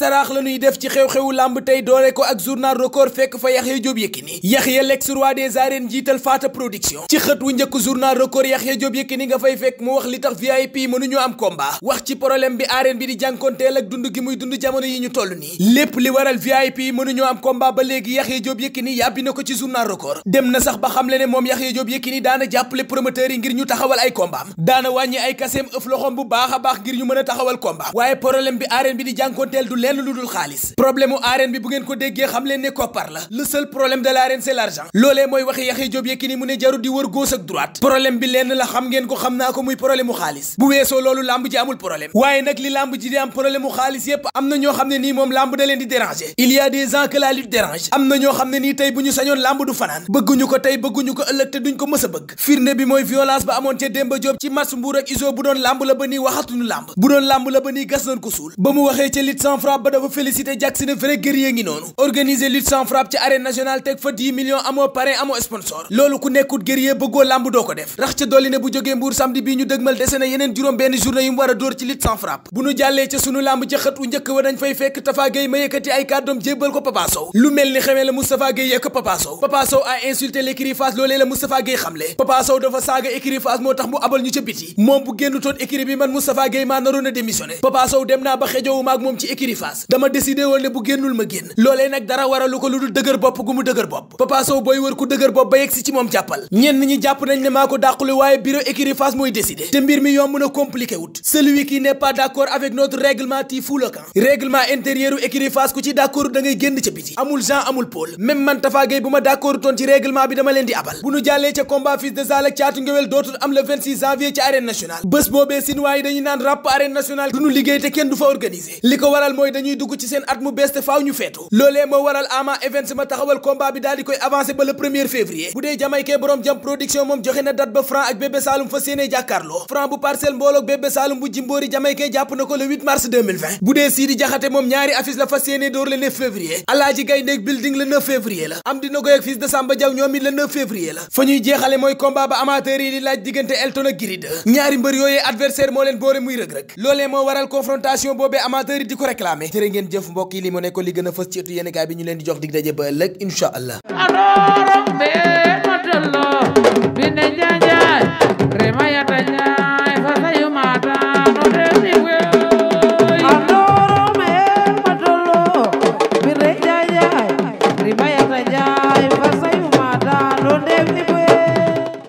saraax la ñuy def ci xew-xewu làmb tey doore ko ak journal record fekk fa Yaxya Jóob Yékini Yaxya Lex roi des arènes Faata production ci xët wu njëkk journal record Yaxya Jóob Yékini nga fay fekk mu wax li tax VIP mënuñu am combat wax ci problème bi arène bi di jànkonteel ak dund gi muy dund jamono yi ñu toll nii lépp li waral VIP mënuñu am combat ba léegi Yaxya Jóob Yékini yàbbi na ko ci journal record dem na sax ba xamle moom Yaxya Jóob Yékini daana jàppale promoteurs yi ngir ñu taxawal ay combat am a a taxawal combat waaye problème bi arène bi di jànkonteel lenn lu dul xaalis problème u arène bi bu ngeen ko déggee xam leen ne koppar la le seul problème de l'arène c'est l'argent loolee mooy waxi Yaxya Jóob Yékini mu ne jarul di wër gauche ak droite problème bi lenn la xam ngeen ko xam naa ko muy problème u xaalis bu weesoo loolu làmb ji amul problème waaye nag li làmb ji di am problème u xaalis yépp am na ñoo xam ne nii moom làmb da leen di déranger il y a des gens que la lutte dérange am na ñoo xam ne nii tey bu ñu sañoon làmb du fanaan bëgguñu ko tey bëgguñu ko ëllëg te duñ ko mës a bëgg firnde bi mooy violence ba amoon ca Demba Diop ci match Mbour ak Iso bu doon làmb la ba nii waxatuñu làmb bu doon làmb la ba nii gas nañ ko suul ba mu waxee ca lutte sans frappe Ba dafa félicité Jackson ne vrai guerrier ngi noonu organiser lutte sans frappe ci arène nationale teg fa 10 millions amoo parrain amoo sponsor loolu ku nekkut guerrier bëggoo làmb doo ko def rax ca dolli ne bu jógee Mbour samedi bii ñu dëgmal dese na yeneen juróom benn journée yu mu war a dóor ci lutte sans frappe bu nu jàllee ca sunu làmb ca xët u njëkk wa dañ fay fekk Tafa Gueye ma yëkkati ay kàddoom jébbal ko Papa lu mel ni xamee la Moustapha Gueye yekk Papa Sow Papa Sow a insulté l'écurie Fass loolee la Moustapha Gueye xamle Papa Sow dafa saaga écurie a démissionné Papa paas dama décidé woon ne bu génnul ma génn loolee nag dara waralu ko lu dul dëgër bopp gu mu dëgër bopp Papa booy wër ku dëgër bopp ba yegsi ci moom jàppal ñenn ñi jàpp nañ ne maa ko dàqulu waaye bureau écurie mooy décidé te mbir mi yomb na compliqué wut celui qui n'est d'accord avec notre règlement ti fou le camp règlement intérieur u ku ci d'accord da génn ca biti amul Jean amul Paul même man bu ma d'accord toon ci règlement dañuy dugg ci seen at mu bees te faaw ñu feetu loolee moo waral Ama Events ma taxawal combat bi daal di koy avancé ba le premier février bu dee jamaykee borom jam production moom joxe na date ba franc ak bébé saalum fa séenee jàkkaarloo franc bu parcelle mbooloog bébé saalum bu jimboori jamaykee jàpp na ko le 8 mars 2020 bu Jaxate moom ñaari affiche la fa séenee door le 9 février alaaji gayndeeg building la am la fa ñuy jeexale mooy combat ba amateur yi di laaj diggante Elton ak Giri ñaari mbër yooyee adversaire moo leen boole muy rëg-rëg loolee moo waral confrontation boobee amateur yi di ko réclamer jërë ngeen jëf mbokk yi li mu nekkoon li gën a fës ci ëttu yéenekaay bi ñu leen di jox dig daje ba ëllëg allah